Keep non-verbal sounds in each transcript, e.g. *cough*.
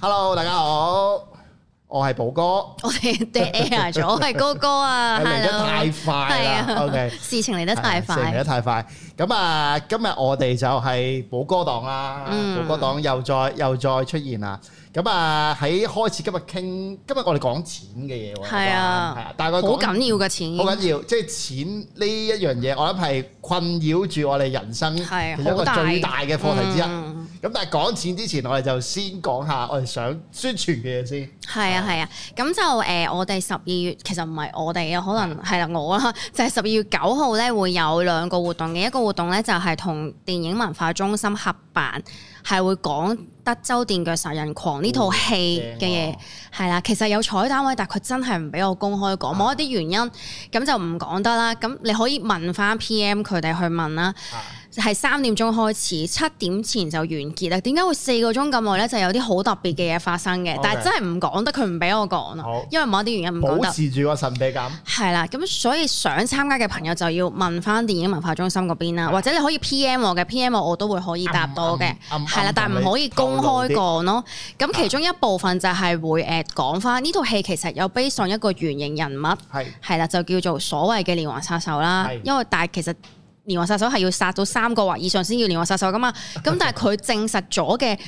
Hello，大家好，我係寶哥， *music* *laughs* 我哋掉 Air 咗，我係哥哥啊，嚟得太快啦、 *music* 啊、，OK，事情嚟得太快，嚟得太快。咁 *noise* 啊樂，今日我哋就係寶哥黨啦，寶、嗯、哥黨又再又再出現啦。咁啊，喺開始今日傾，今日我哋講錢嘅嘢，係啊，係啊，大概好緊要嘅錢，好緊要，即、就、係、是、錢呢一樣嘢，我諗係困擾住我哋人生係一個最大嘅課題之一。嗯咁但係講錢之前，我哋就先講下我哋想宣傳嘅嘢先。係啊，係啊，啊。咁就誒、呃，我哋十二月其實唔係我哋啊，可能係啦我啦，是啊、就係十二月九號咧會有兩個活動嘅，一個活動咧就係同電影文化中心合辦，係會講德州電鋸殺人狂呢套戲嘅嘢。係啦、哦啊啊，其實有彩單位，但係佢真係唔俾我公開講，冇一啲原因，咁是、啊、就唔講得啦。咁你可以問翻 PM 佢哋去問啦。係三點鐘開始，七點前就完結啦。點解會四個鐘咁耐咧？就有啲好特別嘅嘢發生嘅，Okay. 但係真係唔講得，佢唔俾我講啊，好因為某啲原因唔講得。保持住個神秘感。係啦，咁所以想參加嘅朋友就要問翻電影文化中心嗰邊啦，的或者你可以 P M 我嘅 P M 我，我都會可以答到嘅。係啦、嗯嗯嗯嗯，但係唔可以公開講咯。咁其中一部分就係會誒講翻呢套戲，其實有 base 上一個原型人物，係係啦，就叫做所謂嘅連環殺手啦的。因為但係其實。連環殺手係要殺到三個或以上先叫連環殺手㗎嘛？咁但係佢證實咗嘅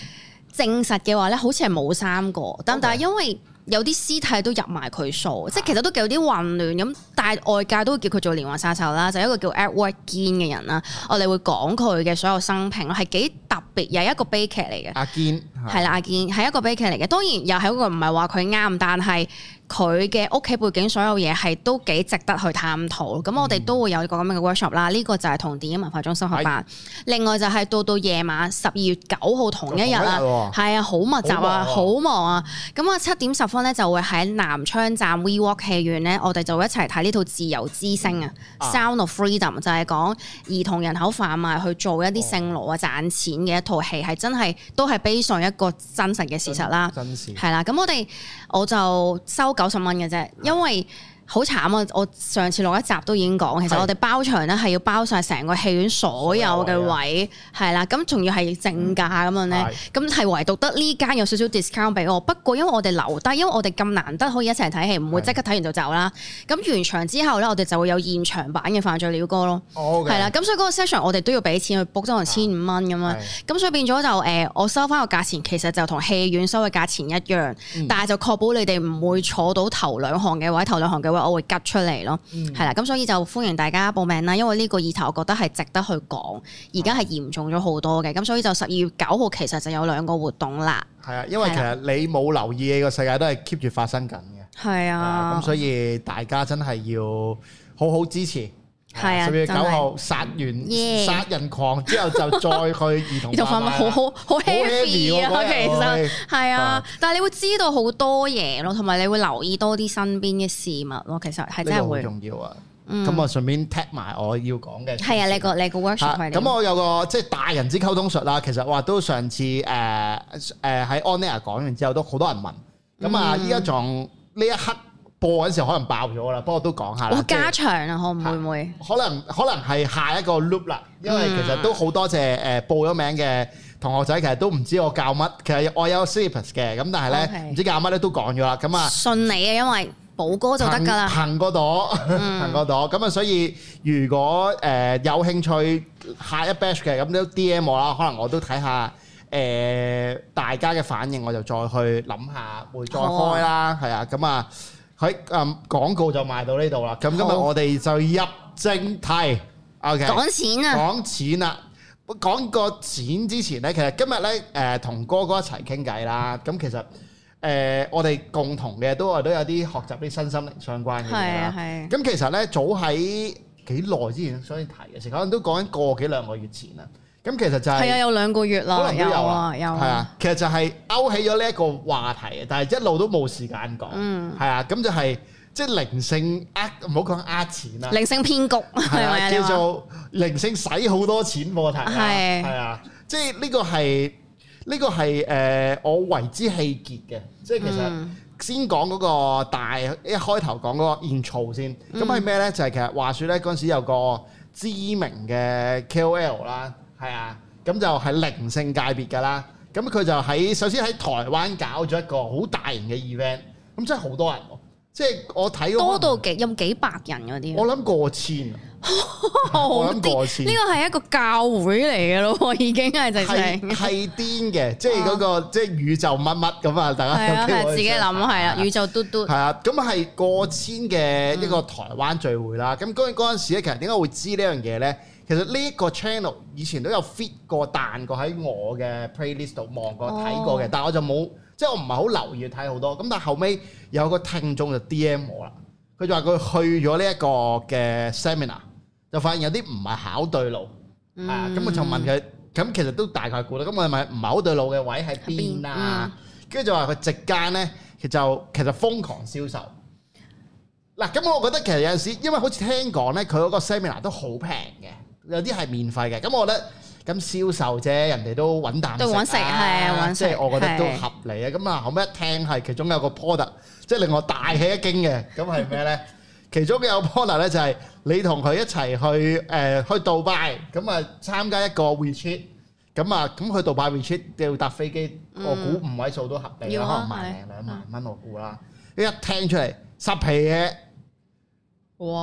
證實嘅話咧，好似係冇三個。咁但係因為有啲屍體都入埋佢數，即係的其實都幾有啲混亂咁。但係外界都會叫佢做連環殺手啦，就係一個叫 Edward Gein 嘅人啦。我哋會講佢嘅所有生平咯，係幾特別又一個悲劇嚟嘅。阿堅係啦，阿堅係一個悲劇嚟嘅。當然又係嗰個唔係話佢啱，但係。佢嘅屋企背景所有嘢係都幾值得去探討，咁、嗯、我哋都會有一個咁樣嘅 workshop 啦。呢、這個就係同電影文化中心合辦，哎、另外就係到到夜晚十二月九號同一日同一啊，係啊，好密集啊，忙啊好忙啊。咁啊，七點十分咧就會喺南昌站、V Walk 戲院咧，我哋就會一齊睇呢套《自由之聲》啊，《Sound of Freedom》就係講兒童人口販賣去做一啲性奴啊賺錢嘅一套戲，係真係都係悲傷一個真實嘅事實啦。係啦真。咁我哋我就收。對對九十蚊嘅啫，嗯、因為。好慘啊！我上次落一集都已經講，其實我哋包場咧係要包晒成個戲院所有嘅位，係啦的，咁仲要係正價咁樣咧，咁係、嗯、唯獨得呢間有少少 discount 俾我。不過因為我哋留低，因為我哋咁難得可以一齊睇戲，唔會即刻睇完就走啦。咁的完場之後咧，我哋就會有現場版嘅犯罪鳥歌咯，係啦、哦。咁、okay、所以嗰個 session 我哋都要俾錢去 book 千五蚊咁樣。咁的所以變咗就誒、呃，我收翻個價錢其實就同戲院收嘅價錢一樣，嗯、但係就確保你哋唔會坐到頭兩行嘅位。或者頭兩行嘅我會吉出嚟咯，係啦、嗯，咁所以就歡迎大家報名啦，因為呢個議題我覺得係值得去講，而家係嚴重咗好多嘅，咁所以就十二月九號其實就有兩個活動啦。係啊，因為其實你冇留意，呢個世界都係 keep 住發生緊嘅。係啊的，咁所以大家真係要好好支持。係啊，仲要九號殺完殺人狂之後就再去兒童化，好好好 h a 啊！其實係啊，但係你會知道好多嘢咯，同埋你會留意多啲身邊嘅事物咯。其實係真係好重要啊！咁啊，順便貼埋我要講嘅係啊，你個你個 workshop 係。咁我有個即係大人之溝通術啦。其實哇，都上次誒誒喺 o n y a 講完之後，都好多人問。咁啊，依家狀呢一刻。播嗰陣時候可能爆咗啦，哦、下會不過都講下啦。我加長啊，可唔會唔會？可能可能係下一個 loop 啦，因為其實都好多謝誒報咗名嘅同學仔，嗯、其實都唔知我教乜。其實我有 syllabus 嘅，咁但係咧唔知教乜咧都講咗啦。咁啊，信你啊，因為寶哥就得噶啦。行個朵，行個朵。咁啊、嗯，所以如果誒、呃、有興趣下一 batch 嘅，咁都 DM 我啦。可能我都睇下誒、呃、大家嘅反應，我就再去諗下會再開啦。係啊，咁啊。喺誒廣告就賣到呢度啦，咁今日我哋就入正題。講錢啊！講錢啦！講個錢之前咧，其實今日咧誒同哥哥一齊傾偈啦。咁其實誒我哋共同嘅都話都有啲學習啲身心靈相關嘅嘢啦。係係。咁其實咧早喺幾耐之前先提嘅，可能都講緊個幾兩個月前啦。咁其實就係、是、係啊，有兩個月啦，可能有啊，有係啊。其實就係勾起咗呢一個話題、嗯、啊，但係一路都冇時間講。嗯，係啊，咁就係即係靈性呃，唔好講呃錢啦。靈性騙局係啊，叫做說靈性使好多錢喎，係係是啊，即係呢個係呢、呢個係誒、呃、我為之氣結嘅。嗯、即係其實先講嗰個大一開頭講嗰個 intro 先。咁係咩咧？就係、是、其實話説咧嗰陣時有個知名嘅 KOL 啦。係啊，咁就係靈性界別噶啦。咁佢就喺首先喺台灣搞咗一個好大型嘅 event，咁真係好多人，即係我睇多到幾有幾百人嗰啲。我諗過千， *laughs* 心我諗過千。呢個係一個教會嚟嘅咯，已經係就正係係癲嘅， *laughs* 即係嗰個，啊，即係宇宙乜乜咁啊！大家係啊，自己諗係啊，宇宙嘟嘟係啊，咁係過千嘅一個台灣聚會啦。咁關於嗰陣時咧，其實點解會知呢樣嘢咧？其實呢一個 channel 以前都有 fit 過彈過喺我嘅 playlist 度望過睇過嘅，但我就冇，即係我唔係好留意睇好多。咁但後尾有個聽眾就 DM 我啦，佢就話佢去咗呢一個嘅 seminar，就發現有啲唔係考對路啊。咁我就問佢，咁其實都大概估到，咁係咪唔係好對路嘅位喺邊啊？跟住就話佢直間咧，佢就其實瘋狂銷售。嗱，咁我覺得其實有陣時，因為好似聽講咧，佢嗰個 seminar 都好平嘅。有啲係免費嘅，咁我覺得咁銷售啫，人哋都揾啖食啊，啊，即係我覺得都合理啊。咁啊的，後尾一聽係其中有個 product，即係令我大吃一驚嘅，咁係咩咧？ *laughs* 其中嘅 product 咧就係你同佢一齊去誒、呃、去杜拜，咁啊參加一個 retreat 咁啊，咁去杜拜 retreat 要搭飛機，我估五位數都合理啦，萬零的兩萬蚊我估啦。一、嗯、聽出嚟濕皮嘅。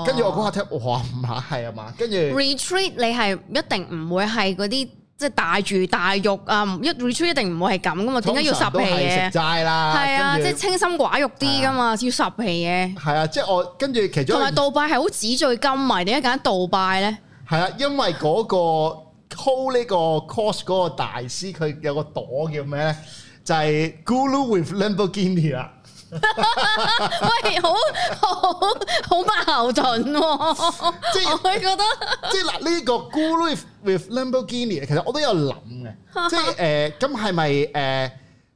跟住哇我嗰下聽，哇唔係啊嘛。跟住 retreat 你係一定唔會係嗰啲即係大魚大肉啊，一 retreat 一定唔會係咁噶嘛，點解要十皮嘢？通常都係食齋啦，係啊，著即係清心寡慾啲噶嘛，要十皮嘢。係啊，即係、啊、我跟住其中同埋杜拜係好紙醉金迷，點解揀杜拜咧？係啊，因為嗰、嗰個 call 呢個 course 嗰個大師，佢有個朵叫咩咧？就係、是、Guru with Lamborghini 啊！ *laughs* 喂，好好好矛盾、啊，即係我會覺得即，即係嗱呢個 Guru with Lamborghini 其實我都有諗嘅、 *laughs* 呃呃，即係誒，咁係咪誒，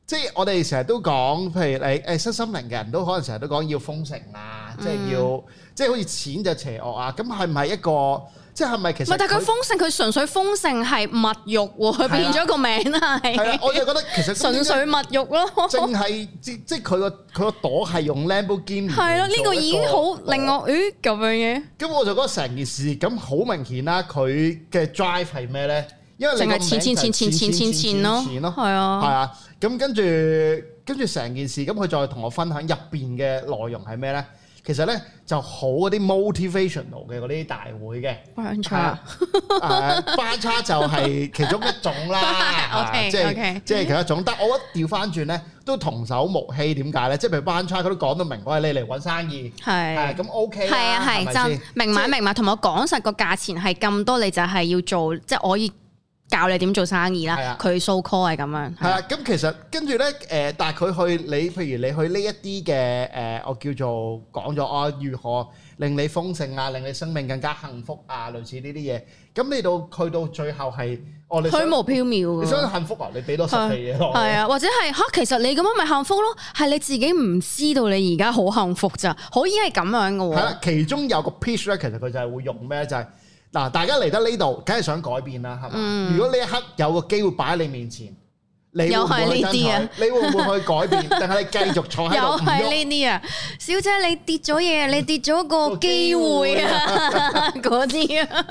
即係我哋成日都講，譬如你誒身心靈嘅人都可能成日都講要豐盛啦、啊，嗯、即係要，即係好似錢就邪惡啊，咁係唔係一個？即係咪其實？唔係，但係佢豐盛，佢純粹豐盛係物慾喎，佢變咗個名啦。係的， *laughs* 我就覺得其實純粹物慾咯，淨係即即係佢個佢個朵係用 Lamborghini。係咯，呢個已經好令我咦咁樣嘅。咁我就覺得成件事咁好明顯啦。佢嘅 drive 係咩咧？因為淨係錢錢錢錢錢錢錢咯，係啊，係的啊。咁跟住跟住成件事，咁佢再同我分享入邊嘅內容係咩咧？其實咧就好嗰啲 motivational 嘅嗰啲大會嘅，班差，班差就係其中一種啦，即係即係其中一種。但我一調翻轉咧，都童叟無欺，點解咧？即係譬如班差，佢都講到明，我係你嚟搵生意，係咁 OK，係啊，係真明碼明碼，同我講實個價錢係咁多，你就係要做，即係我以。教你點做生意啦，佢 show call 咁樣。係啊，咁其實跟住咧，誒、呃，但係佢去你，譬如你去呢一啲嘅，誒、呃，我叫做講咗，啊、呃，如何令你豐盛啊，令你生命更加幸福啊，類似呢啲嘢。咁你到去到最後係，我、哦、你虛無縹緲。想幸福啊？你俾多實際嘢咯。係啊我，或者係吓，其實你咁樣咪幸福咯？係你自己唔知道你而家好幸福咋？可以係咁樣噶喎。係啦，其中有個 piece 咧，其實佢就係會用咩？就係、是。嗱，大家嚟得呢度，梗係想改變啦，係嘛？嗯、如果呢一刻有個機會擺喺你面前，你會唔會去爭取、啊、你會唔會去改變？定係 *laughs* 你繼續坐喺度？又係呢啲啊，小姐，你跌咗嘢，你跌咗個機會啊，嗰啲、哦、啊。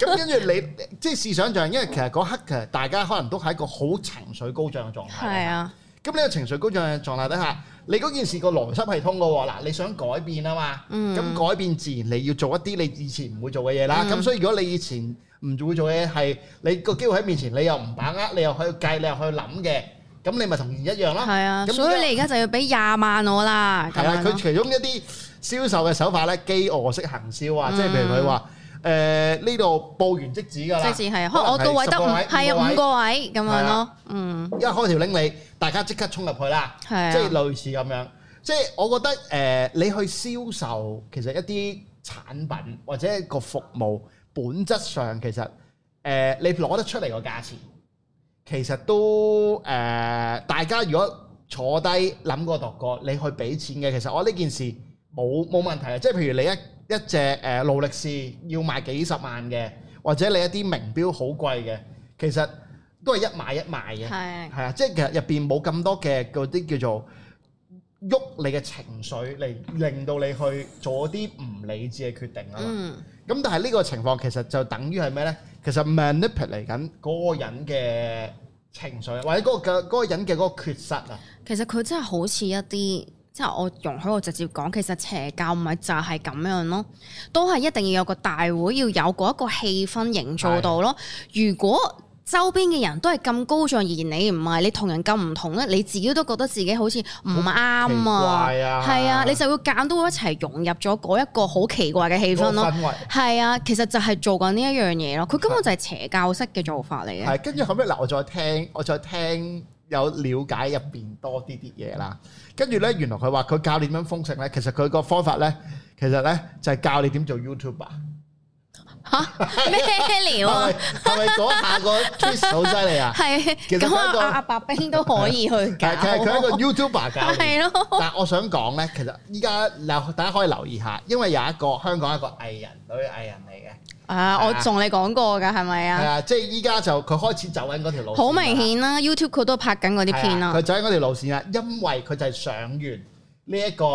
咁跟住你，即係試想像，因為其實嗰刻嘅大家可能都係一個好情緒高漲嘅狀態。係啊。 *laughs* 咁你個情緒高漲嘅狀態底下，你嗰件事個邏輯係通嘅喎。嗱，你想改變啊嘛，咁改變自然你要做一啲你以前唔會做嘅嘢啦。咁所以如果你以前唔會做嘅嘢係你個機會喺面前，你又唔把握，你又去計，你又去諗嘅，咁你咪同以前一樣啦。係啊、嗯，所以你而家就要俾廿萬我啦。係啊，佢其中一啲銷售嘅手法咧，饑餓式行銷啊，即係、嗯、譬如佢話。誒呢度報完即止㗎啦，即止係，我個位得五，係啊五個位咁樣咯，嗯。而家開條 link 你，大家即刻衝入去啦，係啊，即係類似咁樣。即係我覺得誒、呃，你去銷售其實一啲產品或者個服務，本質上其實誒、呃、你攞得出嚟個價錢，其實都誒、呃、大家如果坐低諗過度過，你去俾錢嘅，其實我呢件事。冇冇問題啊！即係譬如你一一隻誒勞力士要賣幾十萬嘅，或者你一啲名錶好貴嘅，其實都係一買一賣嘅，係係啊！即係其實入邊冇咁多嘅嗰啲叫做喐你嘅情緒嚟，令到你去做啲唔理智嘅決定啦。嗯，咁但係呢個情況其實就等於係咩呢？其實 manipulate 嚟緊嗰個人嘅情緒，或者嗰、那個那個人嘅嗰個缺失啊。其實佢真係好似一啲。即我容許我直接講，其實邪教唔係就係咁樣咯，都係一定要有個大會，要有嗰一個氣氛營造到咯。的如果周邊嘅人都係咁高尚，而你唔係，你人同人咁唔同咧，你自己都覺得自己好似唔啱啊，係啊，你就會揀到一齊融入咗嗰一個好奇怪嘅氣氛咯，係啊，其實就係做緊呢一樣嘢咯，佢根本就係邪教式嘅做法嚟嘅。係，跟住後尾嗱，我再聽，我再聽，有了解入邊多啲啲嘢啦。跟住咧，原來佢話佢教你點樣豐盛咧，其實佢個方法咧，其實咧就係、是、教你點做 YouTuber。嚇咩料？係咪嗰下個 case 好犀利啊？係。咁阿阿白兵都可以去 *laughs* 教。係是的， *laughs* 其實佢係一個 YouTuber 教練。咯。但我想講咧，其實依家留大家可以留意下，因為有一個香港一個藝人女藝人嚟嘅。啊！我同你講過㗎，係咪啊？係啊，即係依家就佢開始走緊嗰條路。好明顯啦，YouTube 佢都拍緊嗰啲片啦。佢走緊嗰條路線啊，因為佢就係上完呢一個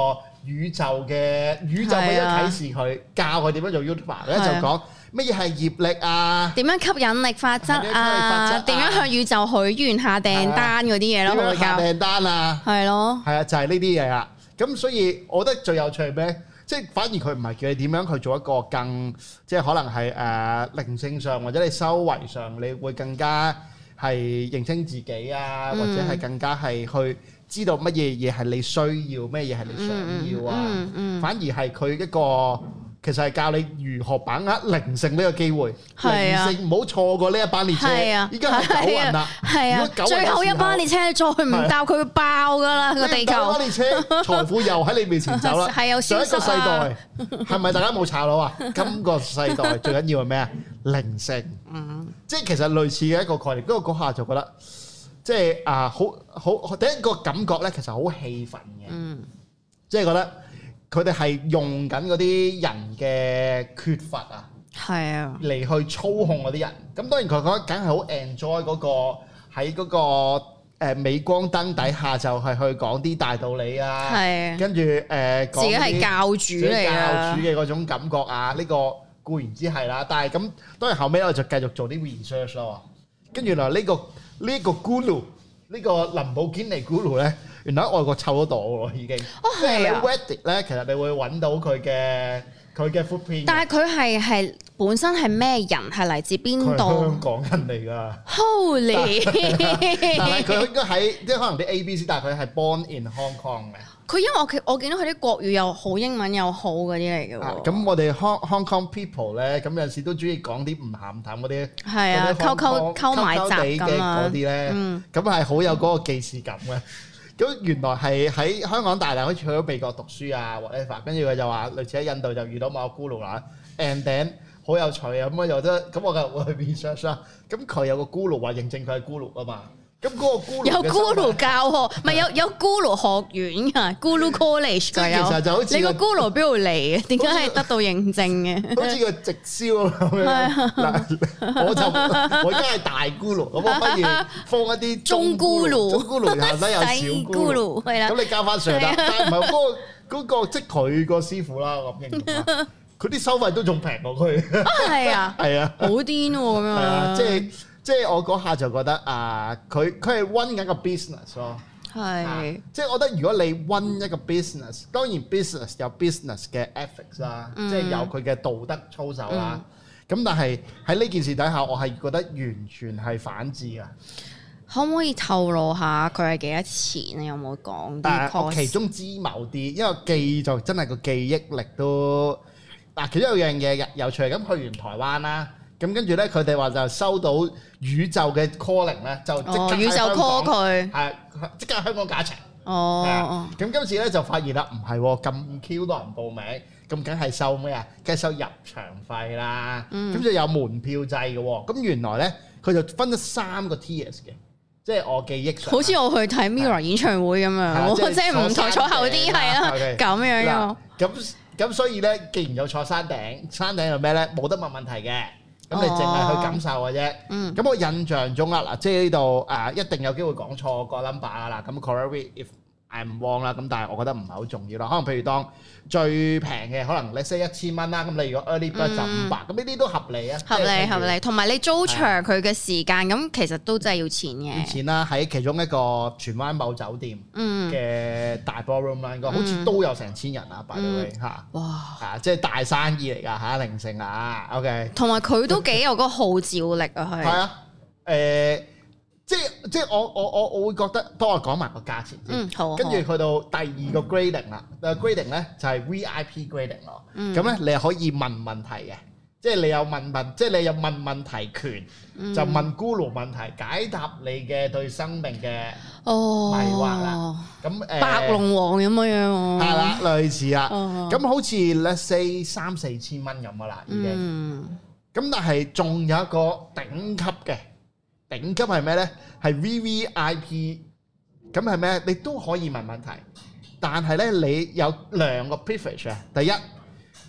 宇宙嘅宇宙嘅啓示，佢教佢點樣做 YouTuber。佢呢就講咩嘢係業力啊，點樣吸引力法則啊，點樣向宇宙許願下訂單嗰啲嘢咯，佢教。下訂單啊！係咯。係啊，就係呢啲嘢啊。咁所以，我覺得最有趣係咩？即反而佢唔係叫你點樣去做一個更即係可能係誒靈性上或者你修為上，你會更加係認清自己啊，嗯、或者係更加係去知道乜嘢嘢係你需要，乜嘢係你想要啊。嗯嗯嗯嗯反而係佢一個。其實係教你如何把握靈性呢個機會，靈性唔好錯過呢一班列車。依家九運啦，係啊，最後一班列車再唔搭，佢會爆噶啦個地球。個列車，財富又喺你面前走啦。係有消失啦。上一個世代係咪大家冇查到啊？今個世代最緊要係咩啊？靈性，即係其實類似嘅一個概念。不過嗰下就覺得，即係啊，好好第一個感覺咧，其實好氣憤嘅，即係覺得。佢哋係用緊嗰啲人嘅缺乏啊，係啊，嚟去操控嗰啲人。咁當然佢覺得梗係好 enjoy 嗰個喺嗰個誒美光燈底下就係去講啲大道理啊，係。跟住誒，自己係教主嚟啊！教主嘅嗰種感覺啊，呢個固然之係啦。但係咁，當然後屘我就繼續做啲 research 咯。跟住原來呢個呢個 Guru 呢個林寶堅尼 Guru 咧。原來喺外國湊得到喎，已經。哦，係啊。即係你 Reddit 咧，其實你會揾到佢嘅佢嘅圖片。但係佢係係本身係咩人？係嚟自邊度？佢香港人嚟㗎。Holy！但係佢應該喺即係可能啲 ABC，但係佢係 Born in Hong Kong 嘅。佢因為我我見到佢啲國語又好，英文又好嗰啲嚟㗎喎。咁、啊、我哋 Hong Hong Kong people 咧，咁有時都中意講啲唔鹹唔淡嗰啲，係啊，溝溝溝買雜嘅嗰啲咧，嗯，咁係好有嗰個既視感嘅。嗯。咁原來係喺香港大，但好似去咗美國讀書啊 whatever，跟住佢就話類似喺印度就遇到某個 Guru 啦，and then 好有趣啊咁我就覺得咁我係我係 B 上上，咁佢有個 Guru 話認證佢係 Guru 啊嘛。咁嗰個有咕嚕教學，唔係有有咕嚕學院啊，咕嚕 college，咁其實就好似你個咕嚕邊度嚟嘅？點解可以得到認證嘅？好似個直銷咁樣，嗱我就我而家係大咕嚕，咁我可以放一啲中咕嚕、中咕嚕，下低又小咕嚕，係啦。咁你加翻上啦，但係唔係嗰個嗰個即係佢個師傅啦。咁樣佢啲收費都仲平落去。啊，係啊，係啊，好癲咁樣，即係。即係我嗰下就覺得、呃、business, 是啊，佢佢係 run 緊個 business 咯，係即係我覺得如果你 run 一個 business，當然 business 有 business 嘅 ethics 啦、啊，嗯、即係有佢嘅道德操守啦、啊。咁、嗯、但係喺呢件事底下，我係覺得完全係反智啊！可唔可以透露下佢係幾多錢你有冇講？但係其中之某啲，因為記就真係個記憶力都嗱、啊，其中有一樣嘢嘅有趣，咁去完台灣啦。咁跟住咧，佢哋話就收到宇宙嘅 calling 咧，就即宇宙 call 佢係即刻香港假場。哦，咁今次咧就發現啦，唔係咁 Q 多人報名，咁梗係收咩啊？梗係收入場費啦。咁就有門票制嘅喎。咁原來咧，佢就分咗三個 tier 嘅，即係我記憶上，好似我去睇 Mirror 演唱會咁樣，即係唔坐坐後啲係啊，咁樣。嗱，咁咁所以咧，既然有坐山頂，山頂又咩咧？冇得問問題嘅。咁你淨係去感受嘅啫，咁、嗯、我印象中啊，嗱，即係呢度誒，一定有機會講錯個 number 噶啦，咁 correct if。係唔旺啦，咁但係我覺得唔係好重要啦。可能譬如當最平嘅，可能你 set 一千蚊啦，咁你如果 early、嗯、就五百，咁呢啲都合理啊。合理合理，同埋你租場佢嘅時間，咁、啊、其實都真係要錢嘅。要錢啦，喺其中一個荃灣某酒店嘅大 ballroom 啦，應該、嗯、好似都有成千人啊，拜拜嚇！哇，啊，即係大生意嚟噶嚇，零勝啊，OK。同埋佢都幾有個號召力 *laughs* 啊，佢係啊，誒。即係即係我我我我會覺得當我講埋個價錢先，跟住去到第二個 grading 啦。嗯、grading 呢就係 VIP grading 咯。咁呢、嗯，你可以問問題嘅，即係你有問問，即係你有問問題權，嗯、就問 Guru 問題解答你嘅對生命嘅迷惑啦。咁誒、哦，那白龍王咁樣樣。係啦、嗯，類似啊。咁、哦、好似 Let's say 三四千蚊咁嘅啦，已經。咁、嗯嗯、但係仲有一個頂級嘅。頂級係咩咧？係 VVIP，咁係咩？你都可以問問題，但係咧，你有兩個 privilege 啊！第一，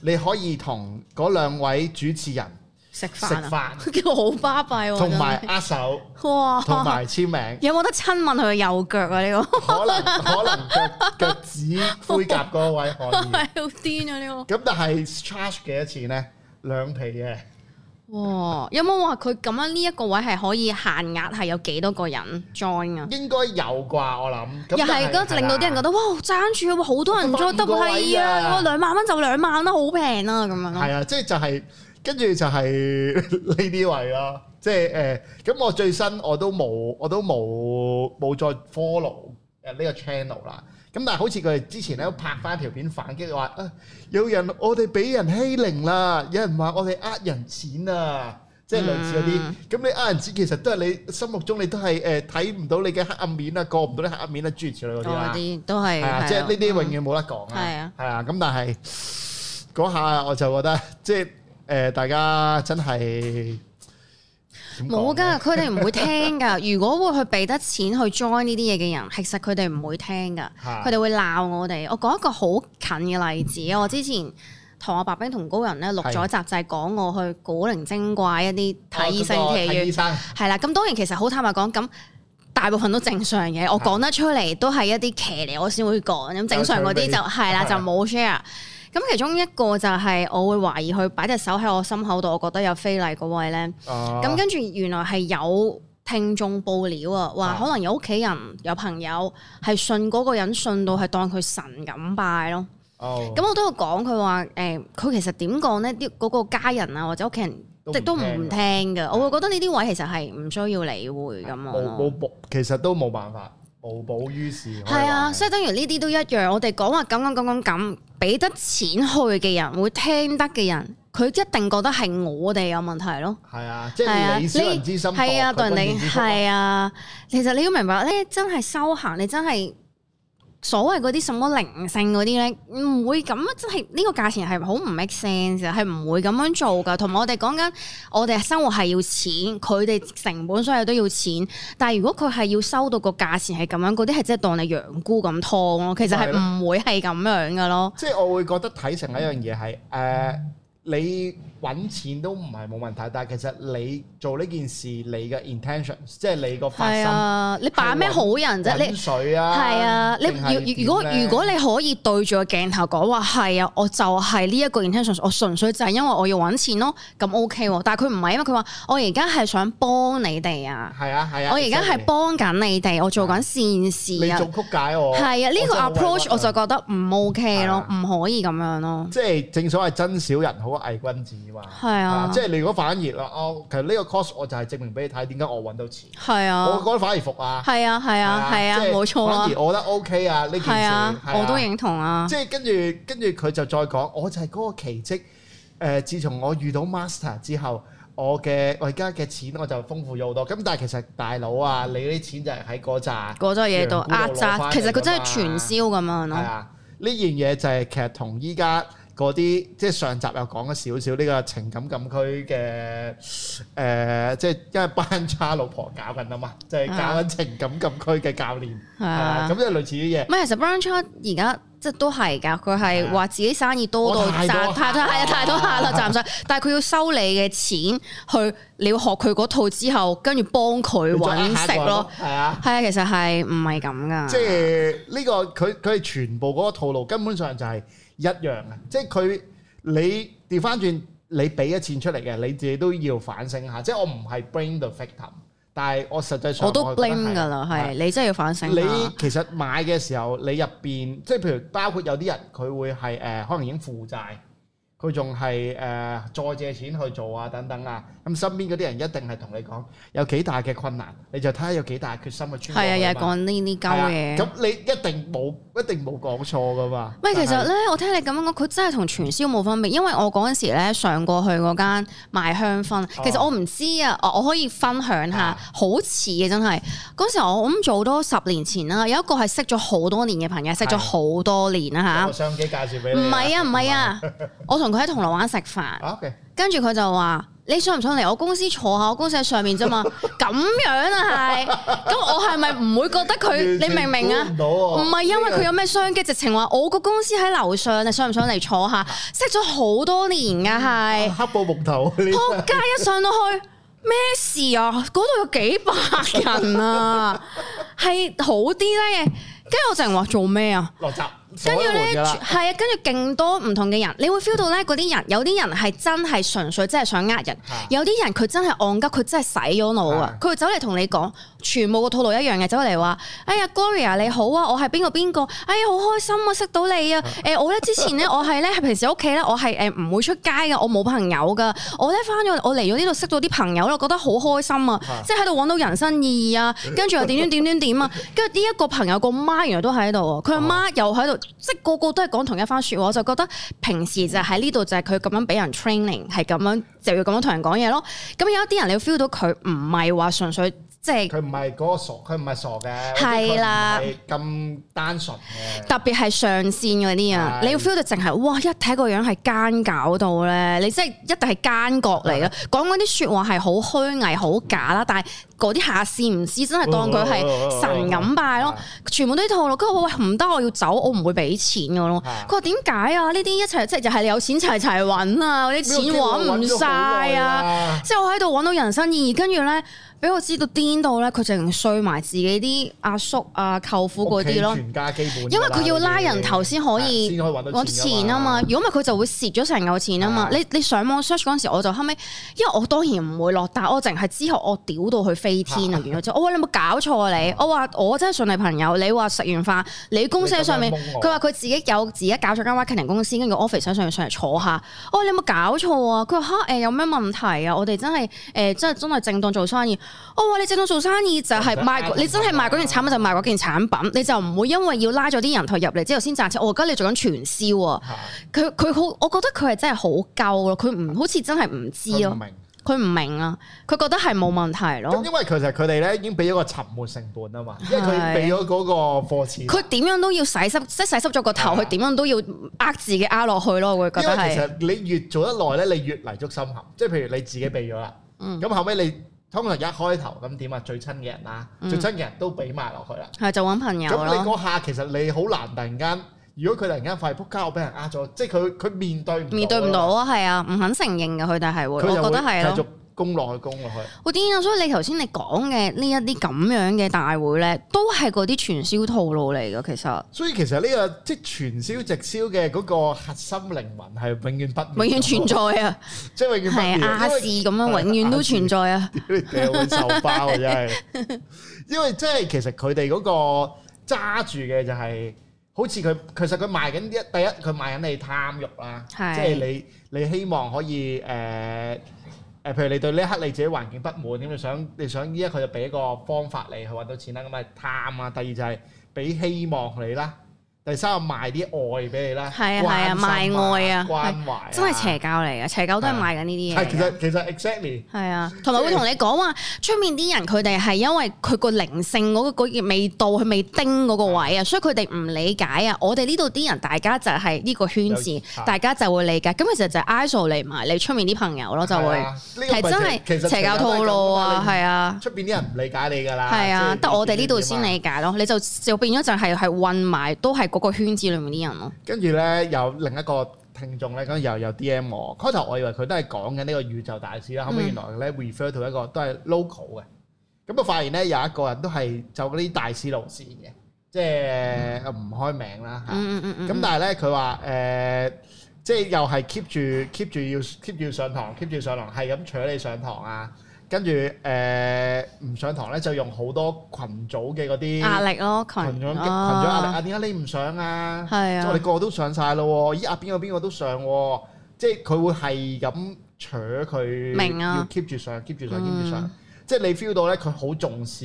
你可以同嗰兩位主持人食飯、啊、飯，食飯叫好巴閉，同埋握手，哇，同埋簽名，有冇得親吻佢嘅右腳啊？呢 *laughs* 個可能可能腳腳趾灰甲嗰位可以，係好癲啊呢個！咁但係 charge 幾多錢咧？兩皮嘅。哇！有冇話佢咁樣呢一個位係可以限額係有幾多個人 join 啊？應該有啩，我諗。又係咁令到啲人覺得：「哇！爭住好多人 join 都係啊，兩萬蚊就兩萬啦，好平啊！」咁樣。係啊，即係就係跟住就係呢啲位啦。即係誒，咁、呃、我最新我都冇，我都冇冇再 follow 誒呢個 channel 啦。咁但係好似佢之前咧拍翻一條片反擊話啊，有人我哋俾人欺凌啦，有人話我哋呃人錢啊，即係類似嗰啲。咁、嗯、你呃人錢其實都係你心目中你都係誒睇唔到你嘅黑暗面啦，過唔到啲黑暗面啦，諸如此類嗰啲、嗯、啊。啲，都係係啊，即係呢啲永遠冇得講啊。係啊，係啊。咁但係嗰下我就覺得即係誒、呃，大家真係。冇噶，佢哋唔會聽噶。如果會去俾得錢去 join 呢啲嘢嘅人，其實佢哋唔會聽噶，佢哋會鬧我哋。我講一個好近嘅例子，我之前同阿白兵同高人咧錄咗一集，的就係講我去古靈精怪一啲睇醫生嘅，係啦、哦。咁當然其實好坦白講，咁大部分都正常嘅。我講得出嚟都係一啲騎呢，我先會講。咁正常嗰啲就係啦，就冇 share。咁其中一個就係我會懷疑佢擺隻手喺我心口度，我覺得有非禮嗰位咧。咁、啊、跟住原來係有聽眾報料啊，話可能有屋企人、有朋友係信嗰個人，信到係當佢神咁拜咯。咁、哦、我都有講佢話，誒、欸、佢其實點講咧？啲、那、嗰個家人啊，或者屋企人，亦都唔聽噶。我會覺得呢啲位其實係唔需要理會咁咯。冇冇，其實都冇辦法。無補於事，係啊，所以等於呢啲都一樣。我哋講話咁咁咁咁咁，俾得錢去嘅人會聽得嘅人，佢一定覺得係我哋有問題咯。係啊，啊即係你小人之心，係啊，對人哋。係啊。其實你要明白咧，你真係修行，你真係。所謂嗰啲什麼靈性嗰啲咧，唔會咁啊！真係呢、呢個價錢係好唔 make sense，係唔會咁樣做噶。同埋我哋講緊，我哋生活係要錢，佢哋成本所有都要錢。但係如果佢係要收到個價錢係咁樣，嗰啲係即係當你羊牯咁劏咯。其實係唔會係咁樣噶咯。即係、就是、我會覺得睇成一樣嘢係，誒、呃、你。揾錢都唔係冇問題，但係其實你做呢件事，你嘅 intention 即係你個發心。係啊，你扮咩好人啫？你水啊！係啊，你如果如果你可以對住個鏡頭講話係啊，我就係呢一個 intention，我純粹就係因為我要揾錢咯，咁 OK、啊、但係佢唔係，因為佢話我而家係想幫你哋啊。係啊，係啊。我而家係幫緊你哋，啊、我做緊善事啊。搵水啊！係啊，呢個 approach 我就覺得唔 OK 咯，唔可以咁、啊、樣咯。即係正所謂真小人好偽君子。係啊，即係你如果反而啦，哦，其實呢個 cost 我就係證明俾你睇點解我揾到錢。係啊，我覺得反而服啊。係啊，係啊，係啊，冇錯啊。反而我覺得 OK 啊，呢件事。係啊，我都認同啊。即係跟住跟住佢就再講，我就係嗰個奇蹟。誒，自從我遇到 master 之後，我嘅我而家嘅錢我就豐富咗好多。咁但係其實大佬啊，你啲錢就係喺嗰扎嗰扎嘢度壓榨。其實佢真係傳銷咁樣咯。係啊，呢樣嘢就係其實同依家。嗰啲即係上集又講咗少少呢個情感禁區嘅誒、呃，即係因為班差老婆搞緊啊嘛，即係搞緊情感禁區嘅教練，咁、啊啊嗯、即係類似啲嘢。唔係，其實班差而家即係都係㗎，佢係話自己生意多到賺太多，係有太多客啦，賺唔曬。啊啊、但係佢要收你嘅錢去，你要學佢嗰套之後，跟住幫佢揾食咯。係啊，係啊，啊其實係唔係咁㗎？啊、即係呢、呢個佢佢係全部嗰個套路，根本上就係、是。一樣嘅，即係佢你調翻轉，你俾咗錢出嚟嘅，你自己都要反省下。即係我唔係 b r i n g t h e v i c t i m，但係我實際上我，我都 b r i n g 噶啦是，係是你真係要反省。你其實買嘅時候，你入邊即係譬如包括有啲人佢會係誒、呃，可能已經負債。佢仲係誒再借錢去做啊等等啊，咁身邊嗰啲人一定係同你講有幾大嘅困難，你就睇下有幾大決心穿去穿越啊嘛。係啊，又講呢啲交嘢。咁、啊、你一定冇一定冇講錯噶嘛？喂，其實咧，是我聽你咁講，佢真係同傳銷冇分別，因為我嗰陣時咧上過去嗰間賣香薰。哦、其實我唔知啊，我可以分享下，好似嘅真係嗰時候我諗做多十年前啦、啊，有一個係識咗好多年嘅朋友，的識咗好多年啦嚇。相機介紹俾你。唔係啊，唔係啊，我同、啊。 *laughs* 佢喺銅鑼灣食飯，跟住佢 Okay. 就話：你想唔想嚟我公司坐下？我公司喺上面啫嘛，咁樣啊係？咁 *laughs* 我係咪唔會覺得佢？ *laughs* 你明唔明啊？唔係 *laughs* 因為佢有咩商機，直情話我個公司喺樓上，你想唔想嚟坐下？識咗好多年噶、啊、係、啊，黑布木頭撲街一上到去咩事啊？嗰度有幾百人啊，係好啲咧。跟住我淨係話做咩啊？落閘。跟住咧，係啊，跟住勁多唔同嘅人，你會 feel 到咧嗰啲人，有啲人係真係純粹，真係想呃人；有啲人佢真係戇居，佢真係洗咗腦啊！佢、啊、會走嚟同你講，全部個套路一樣嘅，走嚟話：哎呀，Gloria 你好啊，我係邊個邊個？哎呀，好開心啊，識到你啊！誒、啊欸，我咧之前咧，我係咧係平時屋企咧，我係誒唔會出街嘅，我冇朋友噶。我咧翻咗，我嚟咗呢度識咗啲朋友咯，覺得好開心啊！即係喺度揾到人生意義啊！跟住又點點點點點啊！跟住呢一個朋友個媽，媽原來都喺度啊，佢阿媽，媽又喺度。即係個個都係講同一番説話，我就覺得平時就喺呢度就係佢咁樣畀人 training，係咁樣就要咁樣同人講嘢咯。咁有一啲人你會 feel 到佢唔係話純粹，即係佢唔係嗰個傻，佢唔係傻嘅，佢唔係咁單純嘅。特別係上線嗰啲啊，是的 你要 feel 到淨係哇一睇個樣係奸搞到咧，你即係一定係奸角嚟咯。講嗰啲說話係好虛偽、好假啦，但係嗰啲下線唔知真係當佢係神咁拜咯，全部都套路，佢話喂唔得，我要走，我唔會俾錢噶咯。佢話點解啊？呢啲一齊即係就係你有錢齊齊搵啊，我啲錢搵唔晒啊！即係我喺度搵到人生意義，跟住咧。俾我知道癲到咧，佢仲衰埋自己啲阿叔啊、舅父嗰啲咯，因為佢要拉人頭先可以揾錢啊嘛。如果唔係佢就會蝕咗成嚿錢啊嘛。你、嗯、你上網 search 嗰陣時，我就後尾，因為我當然唔會落，但係我淨係知我屌到佢飛天啊！完全，我話你有冇搞錯你、啊？嗯、我話我真係順利朋友，你話食完飯，你公司喺上面，佢話佢自己有自己搞咗間 marketing 公司，跟住 office 上來上嚟坐下。哦，你有冇搞錯啊？佢話吓，誒有咩問題啊？我哋真係誒真係真係正當做生意。我話你正正做生意就係賣，你真係賣嗰件產品就賣嗰件產品，你就唔會因為要拉咗啲人頭入嚟之後先賺錢。我而家你在做緊傳銷，佢佢好，我覺得佢係真係好鳩咯，佢唔好似真係唔知咯，佢唔明啊，佢、啊、覺得係冇問題咯、啊嗯。因為其實佢哋咧已經俾咗個沉沒成本啊嘛，因為佢俾咗嗰個貨錢，佢點樣都要洗濕即係洗濕咗個頭，佢點樣都要呃自己呃落去咯。我會覺得係，其實你越做得耐咧，你越嚟足心寒。即係譬如你自己俾咗啦，咁、嗯、後尾你。通常一開頭咁點啊？最親嘅人啦，嗯、最親嘅人都俾埋落去啦，係就揾朋友。咁你嗰下其實你好難突然間，如果佢突然間快下撲街，我俾人呃咗，即係佢佢面對面對唔到啊，係啊，唔肯承認嘅佢哋係，會就會我覺得係咯、啊。攻落去，攻落去。我點啊？所以你頭先你講嘅呢一啲咁樣嘅大會咧，都係嗰啲傳銷套路嚟嘅。其實，所以其實呢個即係傳銷直銷嘅嗰個核心靈魂係永遠不，永遠存在啊！即係永遠係亞視咁樣，永遠都存在啊！屌你掉碗包啊！真係，因為即係 *laughs* 其實佢哋嗰個揸住嘅就係，好似佢其實佢賣緊一第一佢賣緊是的 你貪慾啦，即係你你希望可以誒。呃誒，譬如你對呢一刻你自己環境不滿，咁你想你想依家佢就俾一個方法你去揾到錢啦，咁咪探啊。第二就係俾希望你啦。第三個賣啲愛俾你啦，係啊係啊，賣愛啊，關懷，真係邪教嚟嘅，邪教都係賣緊呢啲嘢。其實其實 exactly 係啊，同埋會同你講話，出面啲人佢哋係因為佢個靈性嗰個嗰頁未到，佢未叮嗰個位啊，所以佢哋唔理解啊。我哋呢度啲人，大家就係呢個圈子，大家就會理解。咁其實就 isolate 埋你出面啲朋友咯，就會係真係邪教套路啊，係啊。出邊啲人唔理解你㗎啦，係啊，得我哋呢度先理解咯。你就就變咗就係係混埋都係，嗰個圈子裏面啲人咯，跟住咧有另一個聽眾咧，咁又有 D M 我，開頭我以為佢都係講緊呢個宇宙大師啦，後尾、嗯、原來咧 refer to 一個都係 local 嘅，咁就發現咧有一個人都係就嗰啲大師路線嘅，即係唔開名啦嚇，咁但係咧佢話誒，即係、呃就係、又係 keep 住 keep 住要 keep 住上堂，keep 住上堂係咁扯你上堂啊！跟住誒唔上堂咧，就用好多群組嘅嗰啲壓力咯，群組群組壓力啊！點解你唔上啊？係啊，我哋個個都上晒咯咦，依阿邊個邊個都上，即係佢會係咁扯佢，要 keep 住上，keep 住上，keep 住上，即係你 feel 到咧，佢好重視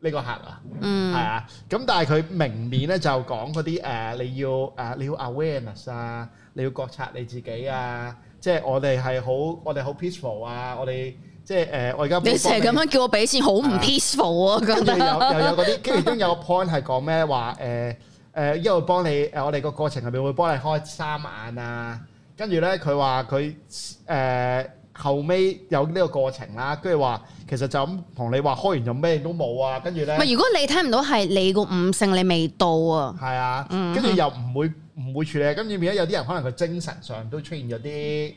呢個客啊，係啊。咁但係佢明面咧就講嗰啲誒，你要誒你要 awareness 啊，你要覺察你自己啊，即係我哋係好我哋好 peaceful 啊，我哋。即係誒、呃，我而家你成日咁樣叫我俾錢，好唔 peaceful 啊！跟住有又有嗰啲，跟住都有個 point 係講咩話誒誒，因為、呃呃、幫你，呃、我哋個過程入面會幫你開三眼啊。跟住咧，佢話佢誒後尾有呢個過程啦。跟住話其實就咁同你話開完就咩都冇啊。跟住咧，唔係如果你睇唔到係你個五性你未到啊。係啊，跟、嗯、住又唔會。唔會處理，跟住變咗有啲人可能佢精神上都出現咗啲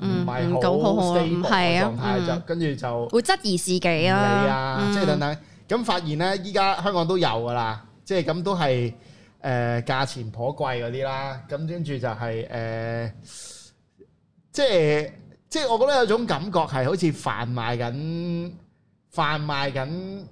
唔係好 stable 嘅狀態，就跟住就會質疑自己啊，啊嗯、即係等等。咁發現咧，依家香港都有噶啦，即係咁都係誒、呃、價錢頗貴嗰啲啦。咁跟住就係、是、誒、呃，即係即係我覺得有種感覺係好似販賣緊販賣緊。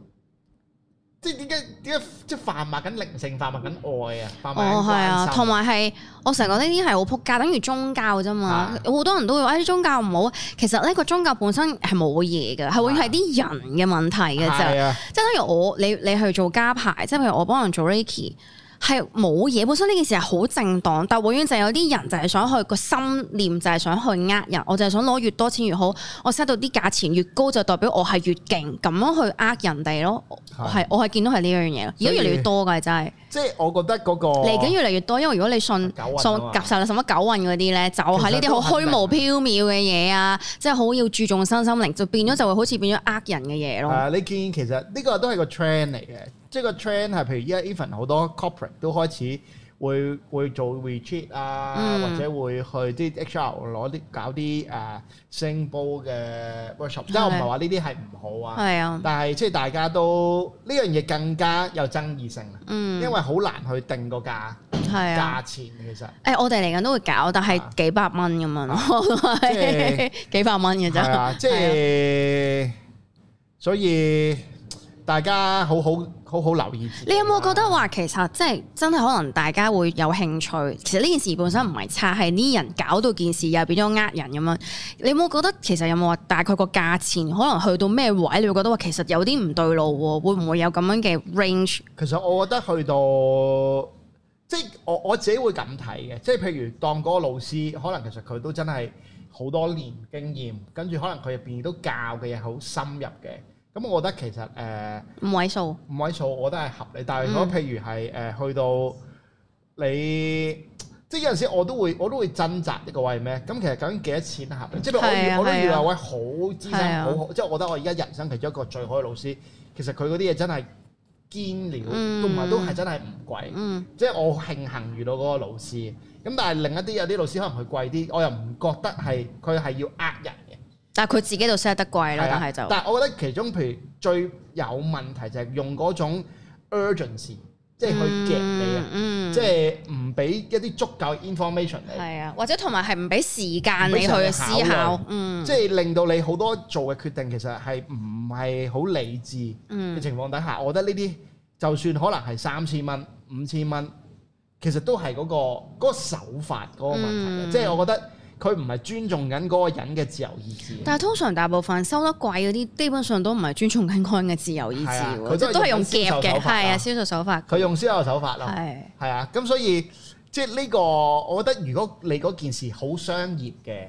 即係點解點解即係販賣緊靈性，販賣緊愛、哦、啊，販賣緊哦，係啊，同埋係我成日覺得呢啲係好仆街，等於宗教啫嘛。好多人都會話啲、哎、宗教唔好，其實呢個宗教本身係冇嘢噶，係、啊、會係啲人嘅問題嘅啫。啊、即係例如我，你你去做加排，即係譬如我幫人做 Ricky 係冇嘢，本身呢件事係好正當，但永遠就係有啲人就係想去個心念就係想去呃人，我就係想攞越多錢越好，我 set 到啲價錢越高就代表我係越勁，咁樣去呃人哋咯，係是我係見到係呢樣嘢，而家以越嚟越多㗎真係。即係我覺得嗰、那個嚟緊越嚟越多，因為如果你信信夾曬你什麼九運嗰啲咧，就係呢啲好虛無縹緲嘅嘢啊！即係好要注重身心靈，嗯、就變咗就會好似變咗呃人嘅嘢咯。啊！你見其實呢、這個都係個 trend 嚟嘅，即係個 trend 係譬如依家 even 好多 corporate 都開始。會會做 retreat 啊，或者會去啲 HR 攞啲搞啲誒聲波嘅 workshop，即係我唔係話呢啲係唔好啊，但係即係大家都呢樣嘢更加有爭議性啊，因為好難去定個價價錢其實。誒，我哋嚟緊都會搞，但係幾百蚊咁樣咯，即係幾百蚊嘅啫。即係所以大家好好。好好留意自己。你有冇覺得話其實即係真係可能大家會有興趣？其實呢件事本身唔係差，係呢人搞到件事又變咗呃人咁樣。你有冇覺得其實有冇話大概個價錢可能去到咩位？你會覺得話其實有啲唔對路喎？會唔會有咁樣嘅 range？其實我覺得去到即係我我自己會咁睇嘅，即係譬如當嗰個老師，可能其實佢都真係好多年經驗，跟住可能佢入邊都教嘅嘢好深入嘅。咁我覺得其實誒五位數五位數，我覺得係合理。但係如果譬如係誒、呃、去到你，嗯、即係有陣時我都會我都會掙扎一個位咩？咁其實究竟幾多錢合理？即係我、啊啊、我都遇有位好資深、啊、好即係我覺得我而家人生其中一個最好嘅老師，其實佢嗰啲嘢真係堅料，同埋、嗯、都係真係唔貴。嗯、即係我慶幸遇到嗰個老師。咁但係另一啲有啲老師可能佢貴啲，我又唔覺得係佢係要呃人。但係佢自己就 set 得貴啦、啊，但係就。但係我覺得其中，譬如最有問題就係用嗰種 urgency，即係、嗯、去夾你，即係唔俾一啲足夠 information 你。係啊，或者同埋係唔俾時間你去思考，即係、嗯、令到你好多做嘅決定其實係唔係好理智嘅情況底下，嗯、我覺得呢啲就算可能係三千蚊、五千蚊，其實都係嗰、嗰個嗰、嗰個手法嗰個問題，即係、嗯、我覺得。佢唔係尊重緊嗰個人嘅自由意志。但係通常大部分收得貴嗰啲，基本上都唔係尊重緊個人嘅自由意志，佢、啊、都係用夾嘅，係啊，銷售手法。佢用銷售手法咯，係，係啊，咁、啊、所以即係、這、呢個，我覺得如果你嗰件事好商業嘅。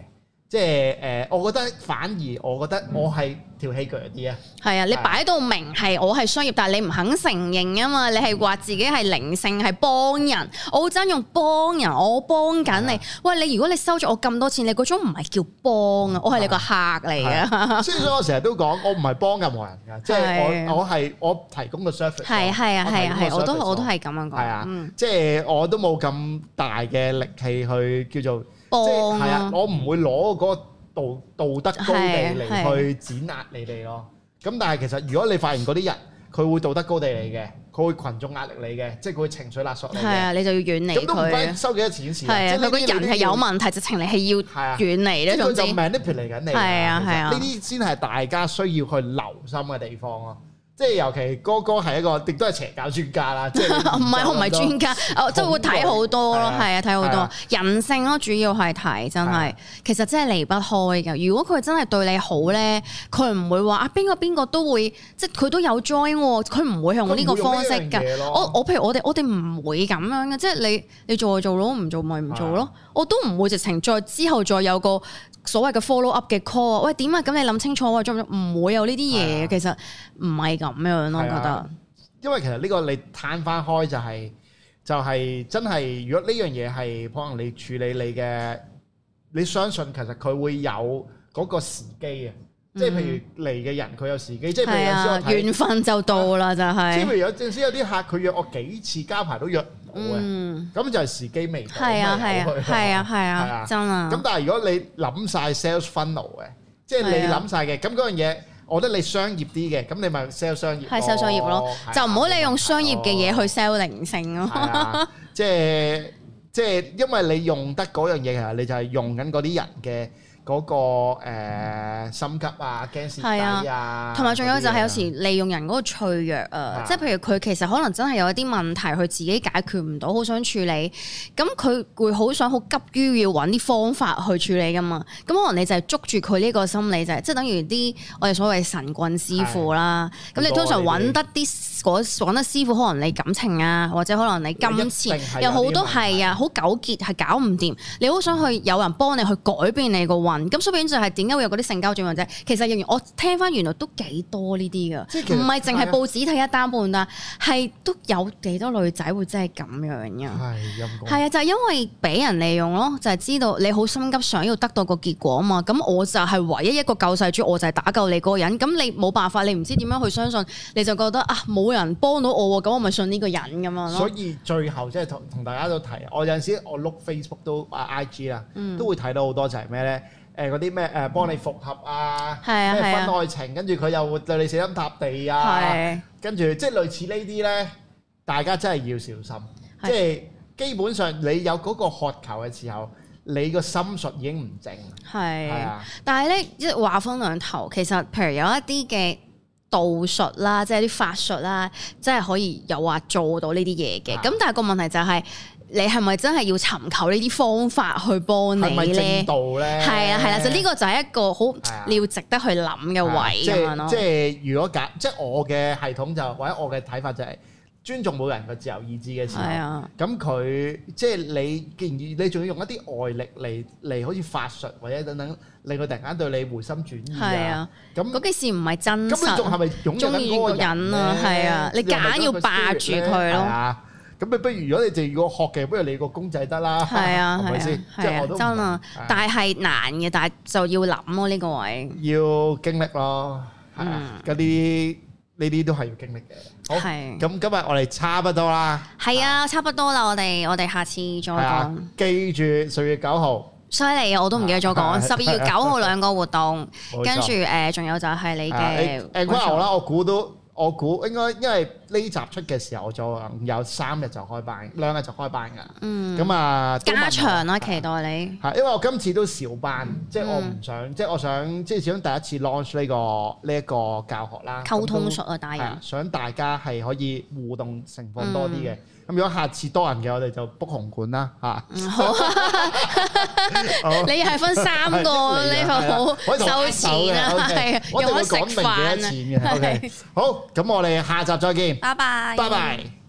即係誒，我覺得反而我覺得我係條氣腳啲啊！係啊，你擺到明係我係商業，但係你唔肯承認啊嘛！你係話自己係靈性係幫人，我好憎用幫人，我幫緊你。喂，你如果你收咗我咁多錢，你嗰種唔係叫幫啊！我係你個客嚟嘅。所以，我成日都講，我唔係幫任何人㗎，即係我我係我提供個 service 係係啊係我都我都係咁樣講。係啊，即係我都冇咁大嘅力氣去叫做。即係啊！我唔會攞嗰個道道德高地嚟去碾壓你哋咯。咁但係其實如果你發現嗰啲人佢會道德高地嚟嘅，佢會群眾壓力你嘅，即係佢情緒勒索你嘅，係啊，你就要遠離佢。收幾多錢先？即啊，佢個人係有問題，就情你係要遠離咧。總之，manipulate 緊你。係啊係啊，呢啲先係大家需要去留心嘅地方咯。即係尤其哥哥係一個，亦都係邪教專家啦。唔係我唔係專家，即係會睇好多咯，係啊，睇好多人性咯，主要係睇真係，其實真係離不開嘅。如果佢真係對你好咧，佢唔會話啊邊個邊個都會，即係佢都有 join，佢唔會用呢個方式㗎。我我譬如我哋我哋唔會咁樣嘅，即係你你做就做咯，唔做咪唔做咯。我都唔會直情再之後再有個所謂嘅 follow up 嘅 call 喂，點啊？咁你諗清楚啊？做唔做？唔會有呢啲嘢，是的 其實唔係咁樣咯。的我覺得，因為其實呢、呢個你攤翻開就係、係、就係、係、真係，如果呢樣嘢係可能你處理你嘅，你相信其實佢會有嗰個時機即係譬如嚟嘅人，佢有時機。即係譬如有時我睇緣分就到啦，就係。即係譬如有陣時有啲客佢約我幾次交牌都約唔到嘅，咁就係時機未到。係啊，係啊，係啊，係啊，真啊！咁但係如果你諗晒 sales funnel 嘅，即係你諗晒嘅，咁嗰樣嘢，我覺得你商業啲嘅，咁你咪 sell 商業。係 sell 商業咯，就唔好你用商業嘅嘢去 sell 靈性咯。即係即係，因為你用得嗰樣嘢，其實你就係用緊嗰啲人嘅。嗰、那個誒、呃、心急啊，驚蝕底啊，同埋仲有就係有時利用人嗰個脆弱啊，即係、啊、譬如佢其實可能真係有一啲問題，佢自己解決唔到，好想處理，咁佢會好想好急於要揾啲方法去處理噶嘛，咁可能你就係捉住佢呢個心理就係即係等於啲我哋所謂神棍師傅啦，咁、啊、你通常揾得啲嗰揾得師傅，可能你感情啊，或者可能你金錢，有好多係啊，好糾結係搞唔掂，你好想去有人幫你去改變你個運。咁所以就係點解會有嗰啲性交轉運啫？其實原來我聽翻原來都幾多呢啲噶，唔係淨係報紙睇一單半啦，係、哎、呀都有幾多女仔會真係咁樣噶。係陰公，係啊，就係、是、因為俾人利用咯，就係、是、知道你好心急，想要得到個結果啊嘛。咁我就係唯一一個救世主，我就係打救你嗰個人。咁你冇辦法，你唔知點樣去相信，你就覺得啊，冇人幫到我喎，咁我咪信呢個人咁樣咯。所以最後即係、就是、同，同大家都提，我有陣時我碌 Facebook 都 IG 啦，都會睇到好多就係咩咧？誒啲咩誒幫你復合啊，咩、嗯、分愛情，跟住佢又會對你死心塌地啊，跟住即係類似呢啲咧，大家真係要小心。即係、啊、基本上你有嗰個渴求嘅時候，你個心術已經唔正。係，係啊。啊但係咧，一話分兩頭，其實譬如有一啲嘅道術啦，即係啲法術啦，真、就、係、是、可以有話做到呢啲嘢嘅。咁、啊、但係個問題就係、是。你係咪真係要尋求呢啲方法去幫你咧？係咪正道咧？係啊係啦，就呢、啊、個就係一個好你要值得去諗嘅位咯、啊啊。即係如果假，即係我嘅系統就或者我嘅睇法就係尊重每個人嘅自由意志嘅事。係啊。咁佢即係你，既然你仲要用一啲外力嚟嚟，好似法術或者等等，令佢突然間對你回心轉意啊？係啊。咁嗰那那件事唔係真實。咁你仲係咪中意嗰個人啊？係啊，你夾硬要霸住佢咯。咁你不如如果你就要學嘅，不如你個公仔得啦，係啊，係咪先？係我真啊，但係難嘅，但係就要諗咯呢個位。要經歷咯，係啊，嗰啲呢啲都係要經歷嘅。好，咁今日我哋差不多啦。係啊，差不多啦，我哋我哋下次再講。記住，十月九號。犀利啊！我都唔記得咗講，十二月九號兩個活動，跟住誒，仲有就係你嘅。誒，關我啦！我估都。我估應該，因為呢集出嘅時候，仲有三日就開班，兩日就開班噶。嗯。咁啊，加長啦、啊，我但期待你。係，因為我今次都少班，嗯、即係我唔想，嗯、即係我想，即係想第一次 launch 呢、呢個呢一、呢個教學啦。溝通術啊，都大人。想大家係可以互動情況多啲嘅。嗯咁如果下次多人嘅，我哋就 book 紅館啦，好啊， *laughs* 你係分三個呢個好、啊、好收錢啊，啊我哋、okay, 啊、會講明幾多錢 O K，好，咁我哋下集再見，拜拜，拜拜。